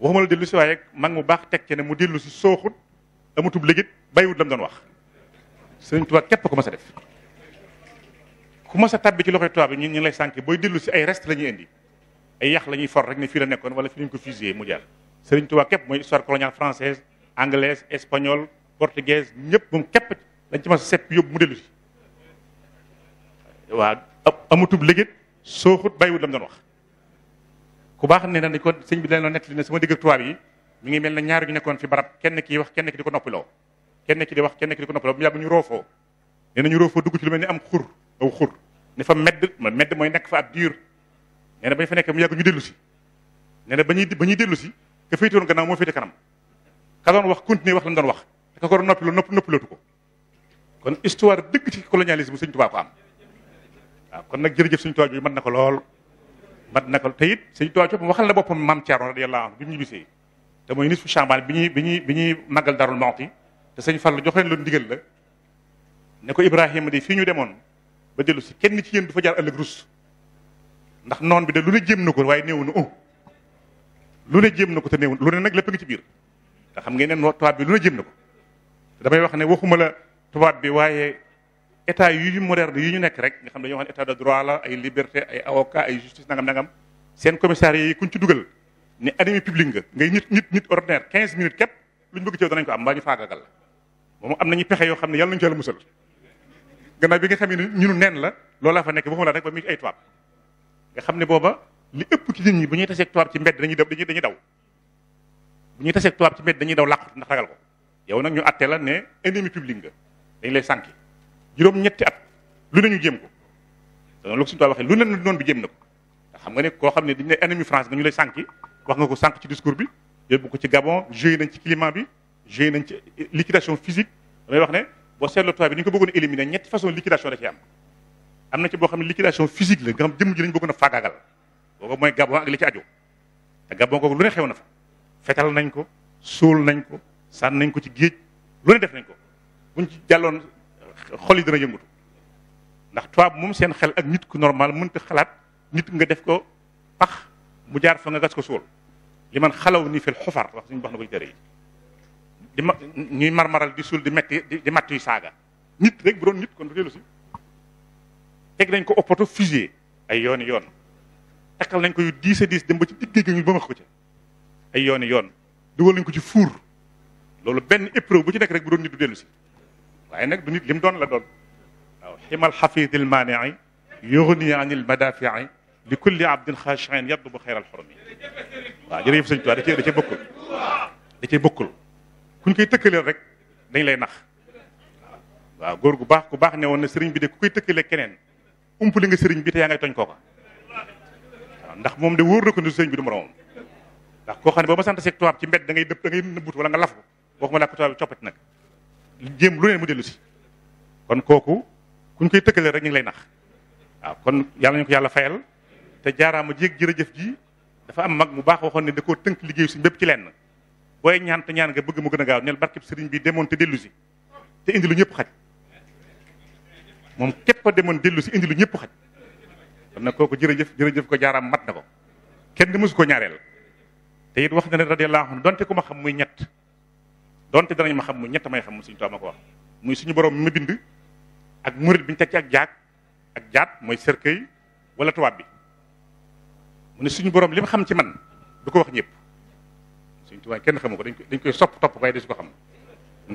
[SPEAKER 8] waxuma la dellu si waaye mag mu baax teg ci ne mu dellu si sooxut amutub légit bàyyiwut la mu doon wax sëriñ Tuubaa képp ku mas a def ku mas a tabbi ci loxoy tubaab bi ñun ñu lay sànk booy dellu si ay reste la ñuy indi ay yax la ñuy for rek ne fii la nekkoon wala fi ñu ko fusillé mu jaar sëriñ Tuubaa képp mooy histoire coloniale française anglaise espagnole portugaise ñëpp moom képp lañ ci ma a sepp yóbbu mu dellu si waaw amutub légit sooxut bàyyiwut la mu doon wax ku baax ne na dañ ko sëñ bi dañ la nettali ne sama digg tubaab yi mi ngi mel na ñaar ñu nekkoon fi barab kenn ki wax kenn ki di ko noppiloo kenn ki di wax kenn ki di ko noppiloo bu yàgg ñu roofoo nee na ñu roofoo dugg ci lu mel ni am xur aw xur ne fa medd medd mooy nekk fa ab diir nee na ba ñu fa nekk mu yàgg ñu dellu si nee na ba ñuy ba ñuy dellu si ka féetewoon gannaaw moo féete kanam ka doon wax continuer wax la doon wax te ka ko doon noppiloo nopp noppilootu ko kon histoire dëgg ci colonialisme sëñ Tuubaa ko am kon nag jërëjëf sëñ Tuubaa bi mën na ko lool mat na ko te it sëñ Tuubaa coppam waxal na boppam maam Thierno radiyallahu anhu bi mu ñibbisee te mooy nisfu Shaabaan bi ñuy bi ñuy bi ñuy màggal Daarul Muxti te sëñ Fallu jox leen lu ndigal la ne ko Ibrahima de fii ñu demoon ba dellu si kenn ci yéen du fa jaar ëllëg rus ndax noon bi de lu ne jéem na ko waaye néew na oh lu ne jéem na ko te néew lu ne nag lépp ngi ci biir te xam ngeen ne tubaab bi lu ne jéem na ko damay wax ne waxuma la tubaab bi waaye état yu moderne yu ñu nekk rek nga xam dañoo xam ne état de droit la ay liberté ay avocat ay justice nangam nangam seen commissariat yi kuñ ci dugal ne animé public nga ngay nit ordinaire 15 minutes képp lu ñu bëgg ci danañ ko am mbaa ñu faagagal la moom am nañu pexe yoo xam ne yàlla nañu ci yàlla musal gannaaw bi nga xam ne ñunu neen la loolaa fa nekk boo xam laa rek ba mu ay tubaab nga xam ne booba li ëpp ci nit ñi bu ñuy taseeg tubaab ci mbedd dañuy daw dañuy daw bu ñuy taseeg tubaab ci dañuy daw làqut ndax ragal ko yow nag ñu atte la ne ennemi public nga dañ lay sànki juróom-ñetti at lu ne ñu jéem ko te loolu suñu tool waxee lu ne noonu na xam nga ne koo xam ne dañ ne ennemi France nga ñu lay sànki wax nga ko sànq ci discours bi yóbbu ko ci Gabon joué nañ ci climat bi joué nañ ci liquidation physique damay wax ne boo bi da ci am am na ci boo xam ne liquidation physique la nga xam jëmm ji lañ bëggoon a faagaagal boobu mooy Gabon ak li ci aju te Gabon kooku lu ne xew na fa fetal nañ ko suul nañ ko sànn nañ ko ci géej lu ne def nañ ko buñ ci xol yi dana yëngatu ndax tubaab moom seen xel ak nit ku normal mënta xalaat nit nga def ko pax mu jaar fa nga gas ko suul li man xalaw ni fil xufar wax suñu wax na koy jëre yi di ma ñuy marmaral di suul di metti di matt yu saaga nit rek bu doon nit kon du dellu si teg nañ ko oppoto fusée ay yooni yoon takkal nañ ko yu diis a dem ba ci diggée ñu ba ca ay yoon dugal nañ ko ci fuur loolu benn épreuve bu ci nekk rek bu doon nit du dellu si waaye nag du nit lim doon la doon waaw ximal xafidil maanii yugni anil madafii li kulli abdin xaashiin yabdu bu xeyral xormi waaw jërëjëf sëñ Tuubaa da cee da cee bokkul da cee bokkul kuñ koy tëkkaleel rek dañ lay nax waaw góor gu baax ku baax ne woon na sëriñ bi de ku koy tëkkalee keneen umpali nga sëriñ bi te yaa ngay toñ kooka ndax moom de wóor na ko ne sëriñ bi du moroomam ndax koo xam ne boo ma sant si ci mbedd da ngay dëpp nëbbut wala nga lafu waxuma laa ko tubaab coppati jéem lu leen mu dellu si kon kooku kuñ koy tëkkalee rek ñu ngi lay nax waaw kon yàlla ñu ko yàlla fayal te jaaraam jaaraama jéeg jërëjëf ji dafa am mag mu baax waxoon ne da koo tënk liggéeyu si bépp ci lenn booy ñaan te ñaan nga bëgg mu gën a gaaw neel barkeb sëriñ bi demoon te dellu te indi lu ñëpp xaj moom képp a demoon dellu si indi lu ñëpp xaj kon nag kooku jërëjëf jërëjëf ko jaaraam mat na ko kenn mësu ko ñaareel te yit wax na ne radiyallahu anhu donte ku ma xam muy ñett donte danañ ma xam mu ñett may xam mu suñu Tuubaa ma ko wax muy suñu borom mi bind ak murit bi ñu teg ci ak jaag ak jaat mooy cercueil wala tubaab bi mu ne suñu borom li mu xam ci man du ko wax ñëpp suñu Tuubaa kenn xamu ko dañ dañ koy sopp topp waaye du ko xam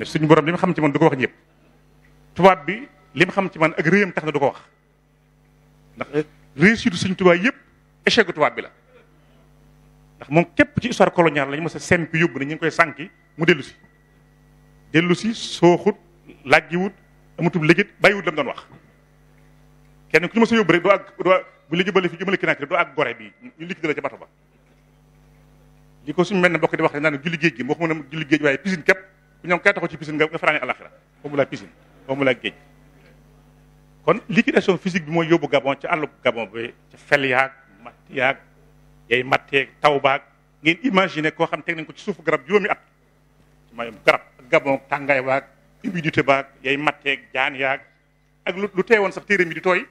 [SPEAKER 8] suñu borom li mu xam ci man du ko wax ñëpp tubaab bi li mu xam ci man ak réyam tax na du ko wax ndax réussite suñu Tuubaa yëpp échec gu bi la ndax moom képp ci histoire coloniale lañu mos a sempi yóbbu ne ñu ngi koy sànki mu dellu si. dellu si sooxut làggiwut amatul légit bàyyiwut la mu doon wax kenn ku ñu ma sa yóbbu rek doo ak doo bu la jëbale fi jëmale ak gore bi ca bato ba li ko suñu mel ne bokk di wax ne naan julli géej gi moo xam ne julli géej waaye piscine képp ku ñoom kay taxaw ci piscine nga nga faraane alaxira foofu la piscine foofu la géej kon liquidation physique bi mooy yóbbu Gabon ca àllu Gabon bi ca fel yaag matt yaag yay matteeg taw baag ngeen imaginer koo xam teg nañ ko ci suufu garab juróomi at ci maayum garab gabon tàngaay waag humidité baag yay matteeg jaan yaag ak lu teewoon sax téere mi di tooy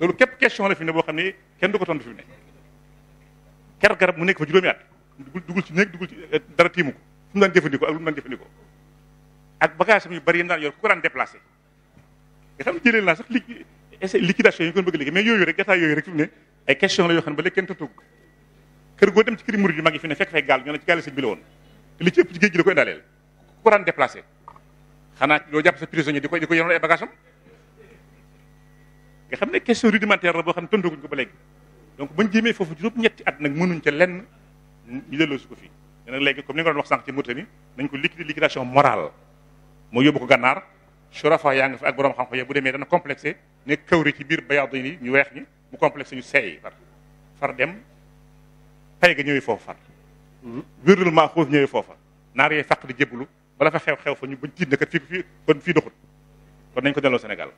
[SPEAKER 8] loolu képp question la fi ne boo xam ne kenn du ko tontu fi ne ker garab mu nekk ci néeg dugul ci eh, dara tiimu ko fu mu jëfandikoo lu mu daan jëfandikoo ko daan déplacé nga xam ne jëlee naa sax li essai liquidation yi ñu xam ne ba léegi kenn tontu ko kër goo dem ci kër murid yu mag yi fi ne fekk fay gaal ñoo la ci gaal sëñ bi la woon te li ci ëpp ci géej gi la ko indaaleel ko daan déplacé xanaa doo jàpp sa prisonnier di ko di ko yenoon ay bagage am nga xam ne question rudimentaire boo xam ne tontuguñ ko ba léegi donc bañ jéemee foofu juróom-ñetti at nag mënuñ ca lenn ñu ko fi te nag léegi comme ni nga doon wax sànq ci Mauritanie nañ ko liquidation morale moo yóbbu ko gànnaar surafa yaa nga fa ak borom xam-xam ya bu demee dana complexé nekk kawri ci biir bayaadu yi ñu weex ñi mu complexé ñu seey far far dem pay ga ñëwee foofu far mm-hmm. wéralement foofu ñëwee foofa bala fa xew xew fa ñu bañ tiit ne kat fii fii kon fii doxut kon nañ ko delloo Sénégal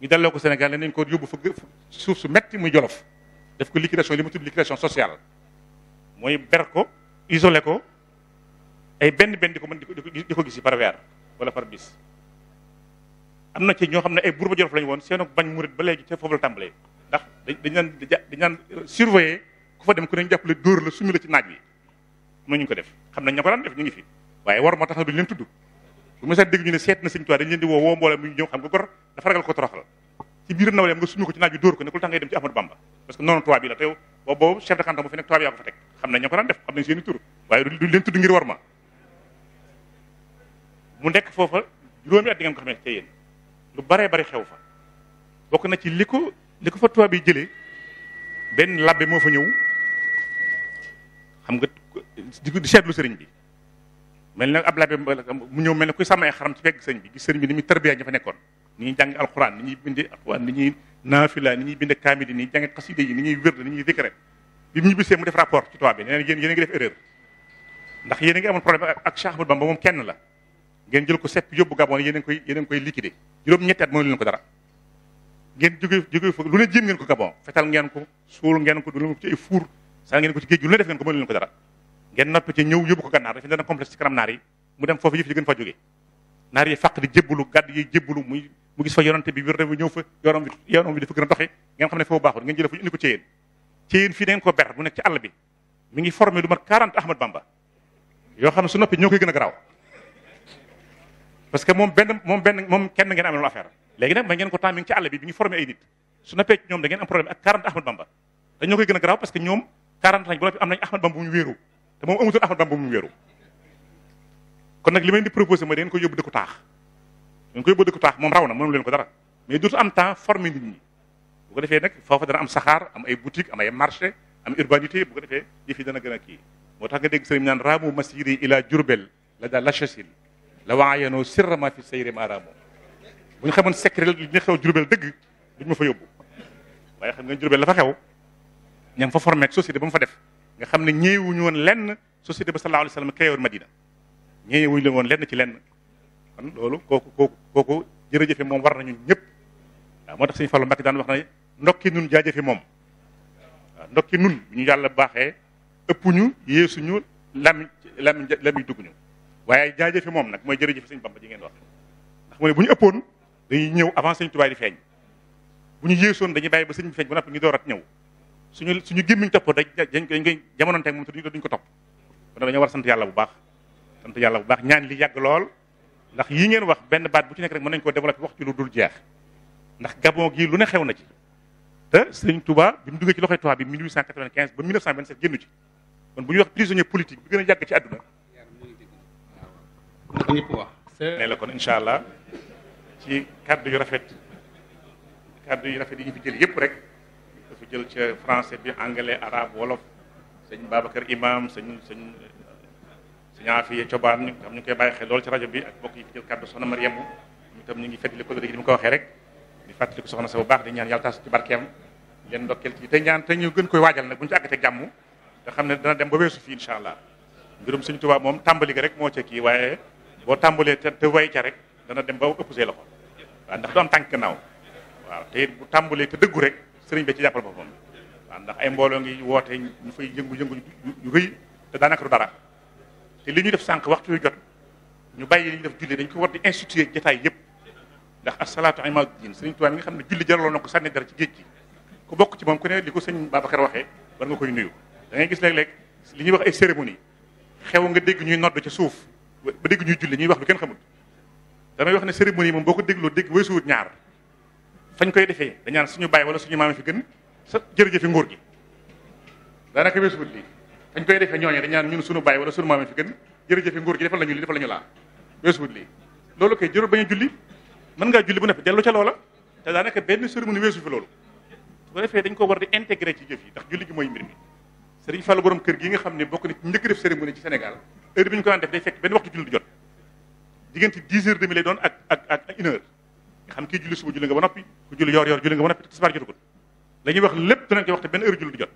[SPEAKER 8] ñu delloo ko Sénégal ne nañ ko yóbbu fa suuf su metti muy jolof def ko liquidation li ma tudd liquidation sociale mooy ber ko isolé ko benn benn di ko mën di ko gis yi par weer wala par bis am na ci ñoo xam ne ay buurba jolof lañu woon seen bañ mu murit ba léegi te foofu la tàmbalee ndax dañ naan dañ naan euh, surveiller ku fa dem ku ne ñu jàppale dóor la sumi la ci naaj bi am na ñu ko def xam nañ ña ko daan def ñu ngi fi waaye war moo tax na duñu leen tudd bu ma dégg ñu ne seet na sëñ Tuubaa dañ leen di woo woo mboolem mu ñëw xam nga gor dafa ragal ko toroxal ci biir nawleem nga suñu ko ci naaj bi dóor ko ne ku tax ngay dem ci Ahmadou Bamba parce que noonu tubaab bi la te yow boobu boobu mu nekk foofa juróomi at di ngeen ko xamee ca lu baree bari xew fa bokk na ci li ko li ko fa tubaab jëlee benn labbe moo fa ñëw xam nga di seetlu sëriñ bi mel na ab labe mu ñëw mel ne kuy sàmm xaram ci fekk sëñ bi gis sëñ bi ni muy tarbiya ña fa nekkoon ni ñuy jàng alquran ni ñuy binde alquran ni ñuy naafila ni ñuy binde kaamil ni ñuy jàng xaside ni ñuy wérd bi ñibbisee mu def rapport ci tubaab bi nee a ngi def erreur ndax yéen a ngi amoon problème ak Cheikh Ahmadou Bamba moom kenn la ngeen jël ko sepp yóbbu Gabon yéen koy yéen a ngi koy liquider juróom ñetti at mënu lu ne ko Gabon fetal ngeen ko ko du leen ko ci ngeen ko ci géej lu ne def ngeen ko mënu leen ngeen noppi ci ñëw yóbbu ko gànnaar dafa dana complexe ci kanam naar yi mu dem foofu yëf yi gën fa jógee naar yi fàq di jébbalu gàdd yi jébbalu muy mu gis fa yonante bi wér bi ñëw fa a doxe ngeen xam ne foofu baaxul ngeen jële fa indi ko ci yéen ci yéen fii da ngeen ko ber bu nekk ci àll bi mi ngi formé lu mat Ahmad Bamba yoo xam ne su noppi ñoo koy gën a garaaw parce que moom kenn ngeen am loolu affaire léegi nag ko temps mi ngi ci àll ñoom da ngeen am problème ak 40 Ahmad Bamba dañoo koy gën a garaaw parce que ñoom 40 am nañ te moom amatul Ahmad ba mu wéeru kon nag li di proposé mooy da ngeen koy yóbbu dëkku taax da ngeen koy yóbbu taax moom raw na moom leen ko dara mais dootu am temps former nit ñi bu ko defee nag foofa dana am saxaar am ay boutique am ay marché am urbanité bu ko defee yëf yi a gën a kii moo tax nga dégg sëriñ naan raamu masiri ila jurbel la daal la chasil la waayanoo sirrama fi sayri ma raamu bu ñu xamoon secret li ñu xew jurbel dëgg duñ ma fa yóbbu waaye xam nga jurbel la ña fa formé ak ba mu fa def nga xam ne ñeewuñu woon lenn société ba sallallahu alayhi wa sallam créé woon Madina ñeewuñu leen woon lenn ci lenn kon loolu kooku kooku kooku jërëjëfe moom war nañu ñëpp waaw moo tax sëñ Fallou Mbacké daan wax ne ndokki nun jaajafe moom waaw ndokki nun ñu yàlla baaxee ëpp ñu yeesuñu lami lami lami dugg ñu waaye jaajëfe moom nag mooy jërëjëfe sëñ Bamba ji ngeen wax ndax mu ne bu ñu ëppoon dañuy ñëw avant sëñ Tuubaa di feeñ bu ñu yeesoon dañu bàyyi ba sëñ bi feeñ ba noppi ñu doorat ñëw suñu suñu gémmiñ topp rek dañ koy dañ jamononteeg moom te duñ ko topp kon dañoo war sant yàlla bu baax sant yàlla bu baax ñaan li yàgg lool ndax yi ngeen wax benn baat bu ci nekk rek mën nañ ko développé wax ci lu dul jeex ndax gabon gii lu ne xew na ci te Serigne tubaa bi mu duggee ci loxoy Touba bi 1895 ba 1927 génnu ci kon bu ñuy wax prisonnier politique bi gën a yàgg ci àdduna ne la kon incha allah ci kàddu yu rafet kàddu yu rafet yi ñu fi jël yépp rek dafa jël ca français bi anglais arabe wolof sëñ Babacar Imam sëñ sëñ sëñ Afiye Cobaan ñu xam ñu koy bàyyi xel lool ci rajo bi ak bokk yi fi jël kàddu soxna Mariam ñu tam ñu ngi fàttali ko léegi ni ko waxee rek di fàttali ko soxna sa bu baax di ñaan yàlla taas ci barkeem leen ndokkeel ci te ñaan te ñu gën koy waajal nag bu ñu ci àggatee jàmm te xam ne dana dem ba weesu fi incha allah mbirum sëñ Tuubaa moom tàmbali ga rek moo ca kii waaye boo tàmbalee te te way ca rek dana dem ba ëpp see loxo ndax du tànk naaw waaw te it bu tàmbalee te dëggu rek sëriñ bi ci jàppal boppam waaw ndax ay mbooloo ngi woote ñu fa yëngu-yëngu yu rëy te daanaka du dara te li ñu def sànq waxtu yu jot ñu bàyyi li ñu def julli dañ ko war di instituer jataay yëpp ndax asalaatu imaadu diin sëriñ Tuubaa mi nga xam ne julli jaraloon na ko sànni dara ci géej gi ku bokk ci moom ku ne li ko sëñ Babacar waxee war nga koy nuyu da ngay gis léeg-léeg li ñuy wax ay cérémonie xew nga dégg ñuy nodd ca suuf ba dégg ñuy julli ñuy wax lu kenn xamul damay wax ne cérémonie moom boo ko dégloo dégg weesuwut ñaar fañ koy defee dañaan suñu baay wala suñu maam fi gën sa jërëjëfi nguur gi daanaka weesu wut lii fañ koy defee ñooñu dañaan ñun suñu baay wala suñu maam fi gën jërëjëfi nguur gi defal lañu lii defal lañu laa weesu wut lii loolu koy jërul bañ julli mën ngaa julli bu noppi dellu ca loola te daanaka benn cérémonie weesu fi loolu su ko defee dañ ko war di intégré ci jëf yi ndax julli gi mooy mbir mi Sëriñ Fallu borom kër gi nga xam ne bokk na ci njëkk def cérémonie ci Sénégal heure bi ñu ko daan def day fekk benn waxtu julli du jot diggante dix heures doon ak ak ak nga xam kii julli suba julli nga ba noppi ku julli yor yor julli nga ba noppi tisbaar jotagul la ñuy wax lépp danañ koy wax te benn heure julli du jot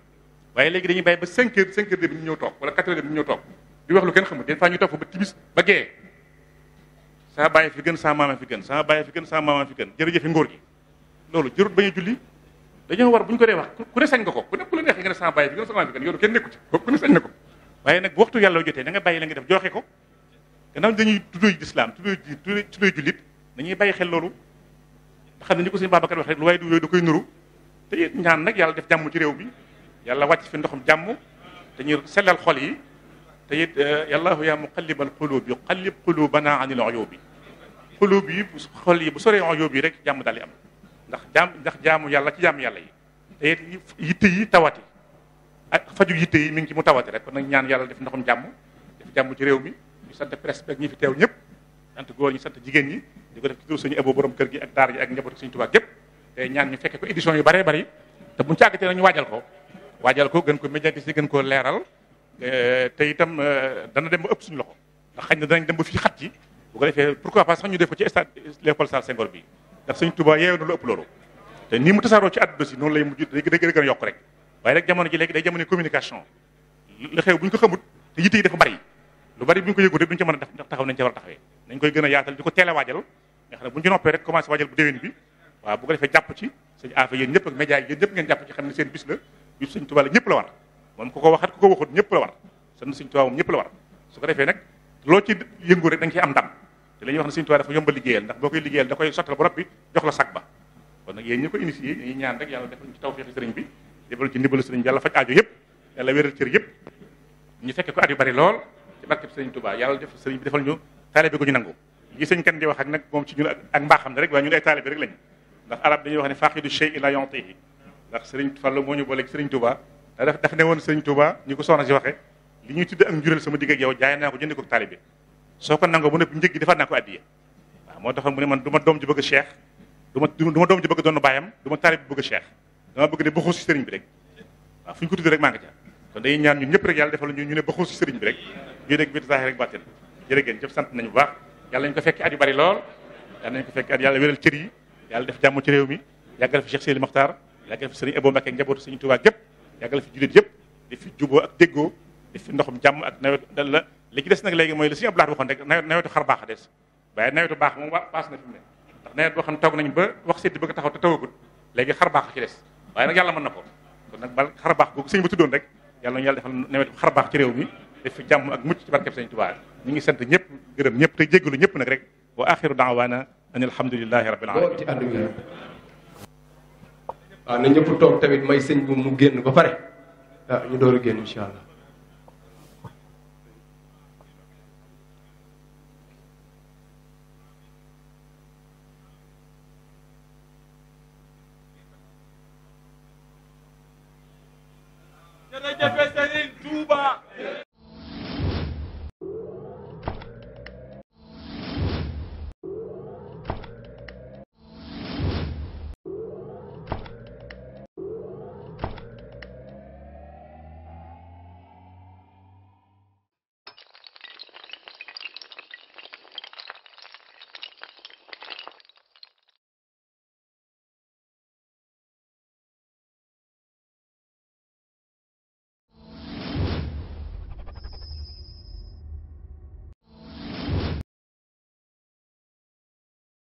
[SPEAKER 8] waaye léegi dañuy bàyyi ba cinq heures cinq heures de bi ñu ñëw toog wala quatre heures bi ñu ñëw toog di wax lu kenn xamul den fa ñu toog fa ba tibis ba gee saa bàyyi fi gën saa maama fi gën saa bàyyi fi gën saa maama fi gën jërëjëfe ngóor gi loolu jërut bañ a julli dañoo war bu ñu ko dee wax ku ne sañ nga ko ku ne ku la neexee nga ne saa bàyyi fi gën saa maama fi gën yoonu kenn nekku ci ku ne sañ na ko waaye nag bu waxtu yàlla jotee da nga bàyyi la nga def joxe ko gannaaw dañuy tuddoo ji lislaam tuddoo ji tuddoo jullit dañuy bàyyi xel loolu xam ne ñu ko sëñ Babacar wax rek lu waaye du yooyu da koy nuru te it ñaan nag yàlla def jàmm ci réew mi yàlla wàcc fi ndoxum jàmm te ñu sellal xol yi te it euh, yàllaahu yaa muqallibal qulubi qallib qulubana anil uyubi xulub yi xol yi bu soree uyubi rek jàmm daal am ndax jàmm ndax jaamu yàlla ci jaamu yàlla yi te it yitte yi tawati ak faju yitte yi mi ngi ci mu tawati rek kon ñaan yàlla def ndoxum jàmm def jàmm ci réew mi ñu sant presse beeg ñi fi ñëpp sant góor ñi sant jigéen ñi di ko def ci tur suñu ebo borom kër gi ak daar ji ak njabootu suñu tubaab gépp tey ñaan ñu fekke ko édition yu baree bari te buñu càggatee nañu ko waajal ko gën ko médiatiser gën ko leeral te itam euh, dana dem ba ëpp suñu loxo ndax xañ na danañ dem ba fii xat ci bu ko defee pourquoi pas sax ñu def ko ci stade Léopold Sédar Senghor bi ndax suñu tubaab yeewu na lu ëpp loolu te nii mu tasaaroo ci àdduna si noonu lay mujj day gën a gën a yokk rek waaye rek jamono ji léegi day jamono communication li xew yi lu bari bu ñu ko yëgul rek duñu ci mën a def taxaw nañu ci war a taxawee nañ koy gën a yaatal di ko teel a waajal nga xam ne bu ñu noppee rek commencé waajal bu déwén bi waaw bu ko defee jàpp ci sëñ affaire yéen ñëpp ak média yi ngeen jàpp ci xam ne seen bis la bis la war moom ku ko waxat ku ko waxut ñëpp la seen sëñ la war su ko defee nag loo ci yëngu rek da nga am ndam te la wax ne sëñ Tuubaa dafa yomba liggéeyal ndax boo koy liggéeyal da koy ko initié ñuy ñaan rek yàlla defal ci tawfeexi sëriñ bi defal ci ndimbalu sëriñ bi yàlla yëpp yàlla wéral cër yëpp ñu lool ci barkeb sëriñ Touba yàlla def sëriñ bi defal ñu taalibe gu ñu nangu li sëñ kan di wax ak nag moom ci ñun ak mbaaxam ne rek waaye ñun ay taalibe rek lañu ndax arab dañuy wax ne faqidu shay'in la yu'tihi ndax sëriñ Fallu moo ñu booleeg sëriñ Touba daf daf ne woon sëriñ Touba ñu ko soxna si waxe li ñuy tudde ak njureel sama digg ak yow jaay naa ko jënd ko taalibe soo ko nangoo bu nëpp njëg gi defaat naa ko addiya waaw moo taxoon ne man du ma doom ji bëgg cheikh ma du ma doom ji bëgg doon baayam du ma taalibe bëgg cheikh dama bëgg ne bu bi rek waaw fu ko tudde rek maa kon day ñaan ñun ñëpp rek yàlla defal ñu ñu ne ba xóosu sëriñ bi rek bii rek biir saaxi rek bàttin jërë ngeen jëf sant nañu bu baax yàlla nañu ko fekk at yu bari lool yàlla nañu ko fekk at yàlla wéral cër def jàmm ci réew mi yàggal fi Cheikh Seydi Mokhtar yàggal fi sëriñ Ebo ak njabootu sëriñ Touba gépp yàggal fi jullit yëpp di fi juboo ak déggoo di fi ndoxum jàmm ak nawet dal la li ci des nag léegi mooy la sëriñ Abdou Lahad waxoon rek nawetu xar baax a des waaye nawetu baax moom paas na nawet boo xam ne toog nañ ba wax séddi bëgg taxaw te léegi xar baax ci des waaye yàlla mën na ko kon nag bal xar baax googu sëñ ba tuddoon rek yàlla na yàlla defal nawet bu xarbaax ci réew mi def fi jàmm ak mucc ci barkeb Sëñ Tuubaa ñu ngi sant ñëpp gërëm ñëpp te jéggalu ñëpp nag rek wa axiru daawaana an alhamdulilahi rabbil alamin
[SPEAKER 4] waaw na ñëpp toog tamit may sëñ bu mu génn ba pare waaw ah, ñu door a génn incha allah
[SPEAKER 2] de